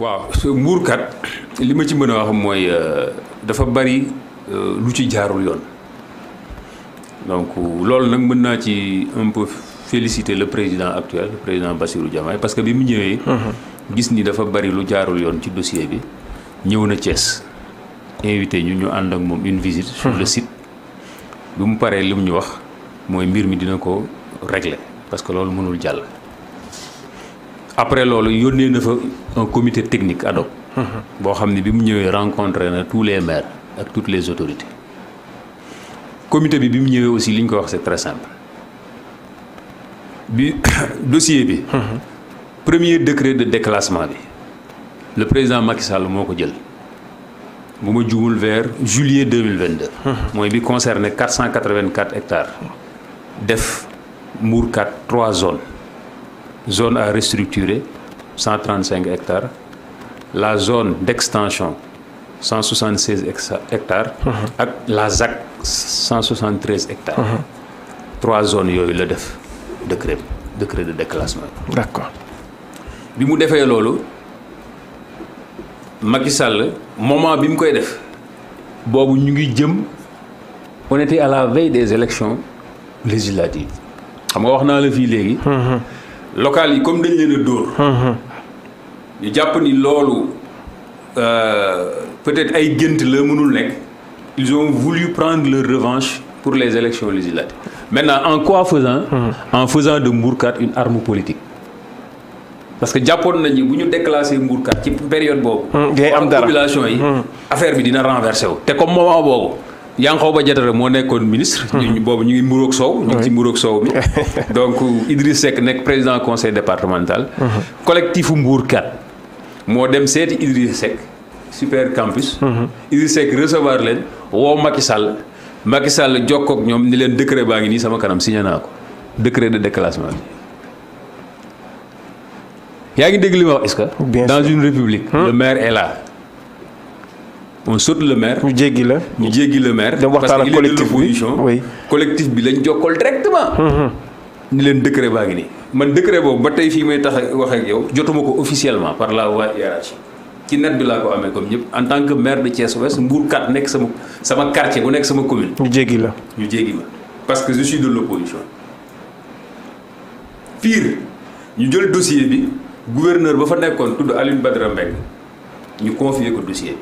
waaw mbuurkat li ma ci mën a wax mooy euh, dafa bari euh, lu ci jaarul yoon donc loolu nag mën naa ci un peu féliciter le président actuel le président Bassirou Diomaye parce que bi mu ñëwee. Mhm. gis ni dafa bari lu jaarul yoon ci dossier bi ñëw na Thiès invité ñu ñu ànd ak moom une visite. sur le mhm. site bi mu paree li mu ñu wax mooy mbir mi dina ko régler parce que loolu mënul jàll. après loolu yónnee na fa un comité technique ad mm-hmm. boo xam ne bi mu ñëwee rencontré na tous les maires ak toutes les autorités comité bi bi mu ñëwee aussi li ñu ko wax c'est très simple bi dossier bi. Mm-hmm. premier décret de déclassement bi le président Macky Sall moo ko jël bu ma jumul vers juillet 2022 mm-hmm. mooy bi concerné 484 hectares def Mbour 4 trois zones zone à restructurer 135 hectares la zone d'extension 176 hectares uh-huh. ak la ZAC 173 hectares uh-huh. trois zones yooyu la def décret décret de déclassement d'accord bi mu defee loolu Macky Sall moment bi mu koy def boobu ñu ngi jëm on à la veille des élections législatives xam nga wax naa la fii léegi uh-huh. local yi comme dañ leen a dóor. Mhm. ñu jàpp ni loolu euh, peut-être ay gént la mënul nekk ils ont voulu prendre leur revanche pour les élections législatives maintenant en quoi faisant. Mhm. en faisant de Mbourkat une arme politique. parce que jàppoon nañu bu ñu déclassé Mbourkat ci période boobu. day mhm, am dara population affaire bi dina renversé wu. te comme moment boobu. Yankhoba Diattara moo nekkoon ministre. Hmm. ñu boobu ñu ngi mburoog soow. ñu ngi ci mburoog soow bi. donc Idriss Seck nekk président conseil départemental. Hmm. collectifu Mbourkat moo dem seeti Idriss Seck super campus. Hmm. Idriss Seck recevoir leen woo Macky Sall Macky Sall jokkoog ñoom ni leen décret baa ngi nii sama kanam signé naa ko décret de déclassement bi. yaa ngi dégg li wax est que. dans une république. le maire est on saute le maire. ñu jéggi la ñu jéggi le maire. dem waxtaan ak collectif bi parce bi lañ jokkool directement. Mm-hmm. leen décret baa ngi nii. man décret boobu ba tey fii may tax wax ak yow jotuma ko officiellement par la voie hiérarchique ci net bi laa ko amee comme ñëpp en tant que maire de Thiès Ouest Mbour 4 nekk sama sama quartier bu nekk sama commune. ñu jéggi la ñu jéggi ma parce que je suis la l'opposition pire ñu jël dossier bi gouverneur ba fa nekkoon tudd Alioune Badara Mbengue ñu confier ko dossier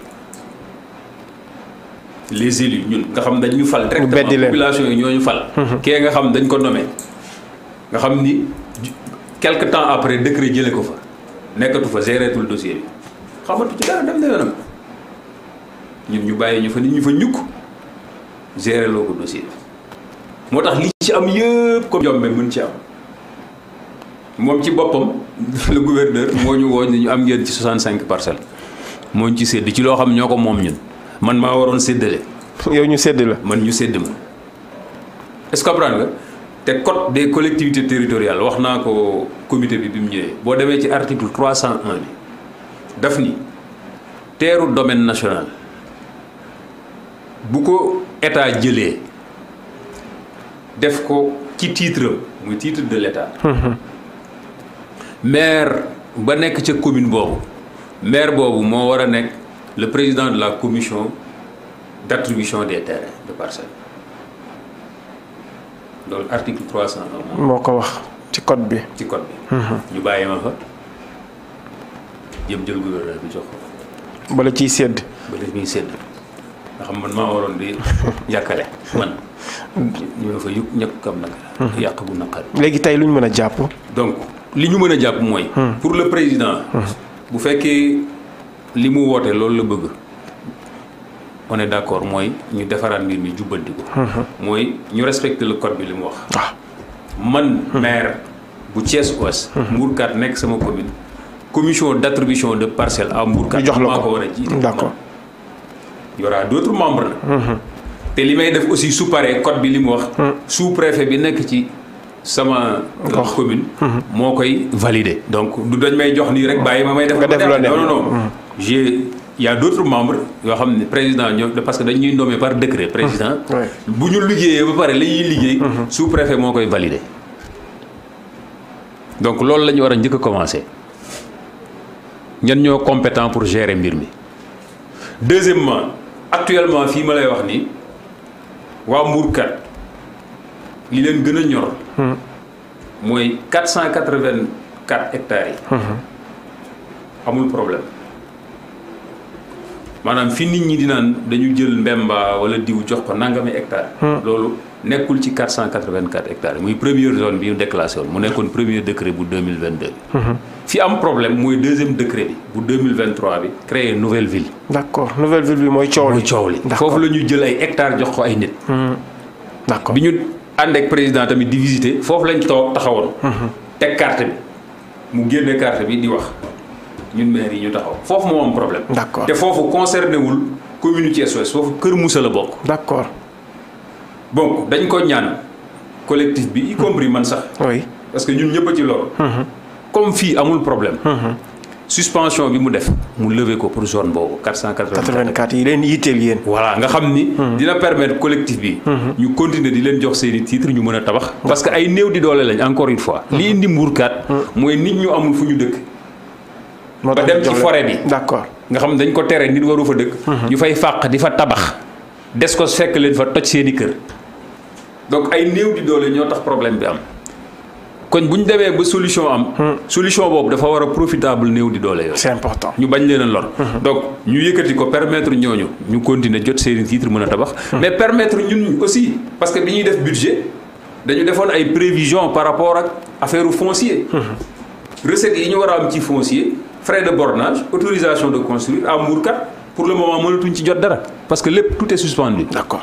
les élus ñun nga xam dañu ñu fal. directement population yi ñoo ñu fal. Mm-hmm. kee nga xam dañ ko nommé. xam ni quelque temps après décret jëlee ko fa nekkatu fa géreetul dossier bi xamatu ci dara ñu bàyyi ñu fa nit ñu fa ñukk géré ko dossier moo tax li ci am yëpp comme jombe mën ci am moom ci boppam le gouverneur moo ñu ñu am ngeen ci 65 parcelles moo ñu ci sédd ci loo xam ñoo ko moom ñun. man maa waroon séddale. yow ñu sédd la. man ñu sédd ma est-ce que comprendre te code des collectivités territoriales wax naa ko comité bi bi mu ñëwee boo demee ci article 301 bi daf ni teeru domaine national bu ko état jëlee def ko ci titre muy titre de l'état mm-hmm. maire ba nekk ca commune boobu maire boobu moo war a nekk. le président de la commission d'attribution des terrains de parcelles loolu article 300 la moo ko wax ci code bi ci mhm. ñu bàyyi ma fa jëm jël gouverneur bi jox ko bala ciy sédd bala ciy sédd nga xam man maa waroon di njàkkale man ñu ma fa ñëkk kam naka mhm. yàq bu naqar léegi tey lu ñu mën a jàpp donc li ñu mën a jàpp mooy mhm. pour le président bu fekkee li mu woote loolu la bëgg on est d'accord mooy ñu defaraat mbir mi jubbanti mhm. mooy ñu respecter la code bi li mu wax. Ah. man mhm. maire bu Thiès Ouest. Mhm. Mbourkat nekk sama commune. commission d'attribution de parcelle am Mbourkat. jox la ko maa ko war a jiite. d'accord te li may def aussi su paree code bi li mu wax. sous-préfet bi nekk ci. sama euh, commune. moo koy valider. donc du dañ may jox nii rek bàyyi ma may def. nga def non j'ai il y a d'autres membres yoo xam ne président ñoom parce que dañuy nommé par décret président mmh. bu ñu liggéeyee ba pare la ñuy liggéey mmh. sous préfet moo koy validé donc loolu lañu war a njëkk a commencé ñan ñoo compétent pour gérer mbir mi deuxièmement actuellement fii ma lay wax ni waa Mbourkat li leen gën a ñor mmh. mooy quatre cent quatre-vingt-quatre yi amul problème maanaam fi nit ñi di naan dañu jël Mbemba wala diw jox ko nangami hectare hmm. loolu nekkul ci 484 hectares muy première zone bi ñu déclassé woon mu nekkoon premier décret bu 2022 hmm. fi am problème mooy deuxième décret bi bu 2023 bi créer nouvelle ville d'accord nouvelle ville bi mooy coow li coow li foofu la ñu jël ay hectares jox ko ay nit hmm. d'accord bi ñu ànd ak président tamit di visiter foofu lañ toog taxawoon teg carte mu génne carte bi di wax ñun maire yi ñu taxaw foofu moo am problème. d'accord te foofu concerné wul commune Thiès Ouest foofu Kër Moussa la bokk. d'accord donc dañ ko ñaan collectif bi y compris man sax. oui parce que ñun ñëpp a ci lool. Mhm. comme fii amul problème. Mhm. suspension bi mu def mu lever ko pour zone boobu 484 yi leen yitteel yéen. voilà nga xam ni. Mhm. dina permettre collectif bi. ñu continuer di leen jox seen i titres ñu mën a tabax. parce que ay néew moo ba dem ci forêt bi. d'accord nga xam dañ ko tere nit waru fa dëkk. Mhm. ñu fay fàq di fa tabax. des ko fekk leen fa toj seeni kër. donc ay néew di doole ñoo tax problème bi am. kon bu ñu demee ba solution am. Mhm. solution boobu dafa war a profitable néew di doole yooyu. c'est important ñu bañ leen a lor. Mhm. donc ñu yëkkati ko permettre ñooñu ñu continuer jot seeni titre mën a tabax. mais permettre ñun aussi parce que bi ñuy def budget dañu defoon ay prévisions par rapport ak affaire foncier. ñu war a am ci foncier. frais de bornage autorisation de construire à Mbourkat pour le moment mënatuñ ci jot dara parce que lépp tout est suspendu. d'accord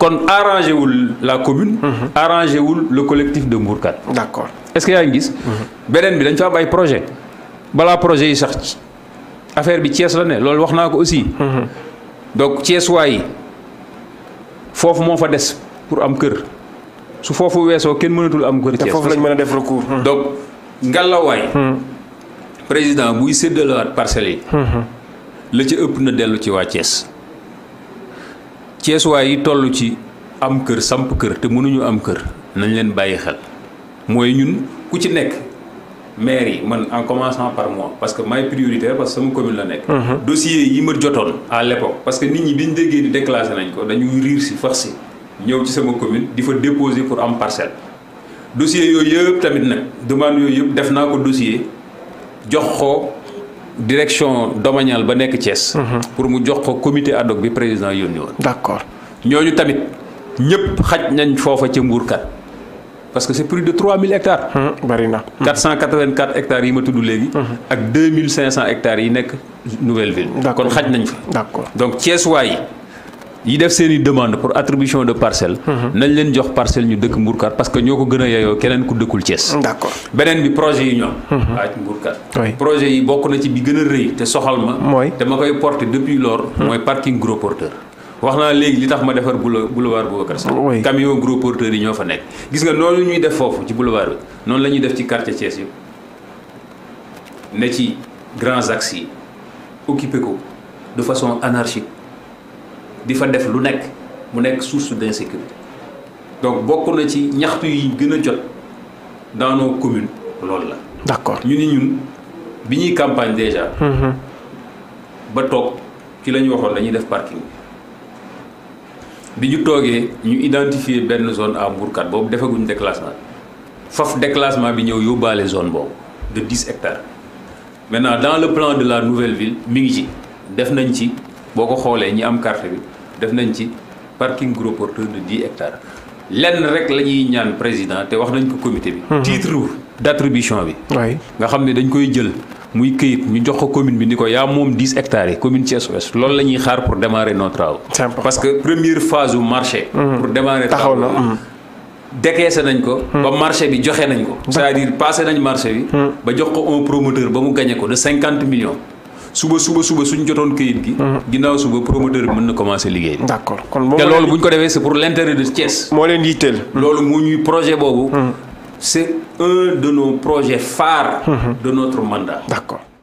kon arrangé wul la commune. Mhm. arrangé wul le collectif de Mbourkat. d'accord est-ce que yaa ngi gis. Mhm. beneen bi dañ fa am ay projet balaa projet yi sax affaire bi cees la ne lool wax naa ko aussi. Mhm. donc Thiès waa foofu moo fa des pour am kër su foofu weesoo kenn mënatul am kër. Thiès mën a def recours. donc ngalawaay. président buy séddalewaat parcelles yi. Mhm. la ca ëpp na dellu ci waa Thiès. Thiès yi toll ci am kër samp kër te mënuñu am kër nañ leen bàyyi xel mooy ñun ku ci nekk maire yi man en commençant par moi parce que maay prioritaire parce que sama commune la nekk. Mhm. dossier yi ma jotoon à parce que nit ñi bi ñu déggee di déclassé nañ ko dañu riir si fax si ñëw ci sama commune di fa déposer pour am parcelle. dossier yooyu yëpp tamit nag demande yooyu yëpp def jox ko direction domaniale ba nekk Thiès. Mhm. pour mu jox ko comité ad hoc bi président yónni woon. d'accord ñooñu tamit ñëpp xaj nañ foofa ca Mbourkat parce que c'est plus de 3000 hectares. Mhm, bari na 484 mhm. hectares yi ma tudd léegi. ak cent hectares yi nekk Nouvelle Ville. kon xaj nañ fa. donc Thiès yi def seen i demande pour attribution de parcelle mhm. nañ leen jox parcelle ñu dëkk Mbourkat parce que ñoo ko gën a yeyoo keneen ku dëkkul Thiès beneen bi projet yi ñoom mhm. waaj Mbourkat projet yi bokk na ci bi gën a rëy te soxal ma mooy te koy porter depuis lors mhm. mooy parking gros porteur wax naa léegi li tax ma defar boulevard Boubacar Sall camion gros porteurs yi ñoo fa nekk gis nga noonu ñuy def foofu ci boulevard bi noonu la ñuy def ci quartier Thiès yëpp ne ci grands ko de façon anarchique di fa def lu nekk mu nekk source d'insécurité donc bokk na ci ñaxtu yi gën a jot dans commune communes loolu la. d'accord ñu ni ñun bi ñuy campagne déjà. Mhm. ba toog ci la ñu waxoon dañuy def parking bi ñu toogee ñu identifier benn zone à Mbourkat boobu defaguñ déclassement faf déclassement bi ñëw yóbbaale zone boobu de dix hectares maintenant dans le plan de la nouvelle ville mi ngi ci def nañ ci boo ko xoolee ñi am carte bi. def nañ ci parking gros porteur de 10 hectares lenn rek la ñuy ñaan président te wax nañ ko comité bi. Mhm. titre d'attribution bi. nga xam ne dañ koy jël. muy këyit ñu jox ko commune bi ni ko yaa moom 10 hectares yi commune Thiès Ouest loolu la ñuy xaar pour démarrer nos travaux. parce que première phase du marché. Mhm. pour démarrer taxaw na mhm. décaissé nañ ko. ba marché bi joxe nañ ko. c'est-à-dire passé nañ marché bi. ba jox ko un promoteur ba mu gagné ko de 50 million suba suba suba suñ jotoon këyit gi. Hmm. ginnaaw suba promoteur bi mën na commencer liggéey. d'accord kon moom te loolu bu ko defee c'est pour l'intérêt de Thiès. moo leen yitteel. Hmm. loolu mu ñuy projet boobu. Hmm. c'est un de nos projets phares. de notre mandat. d'accord.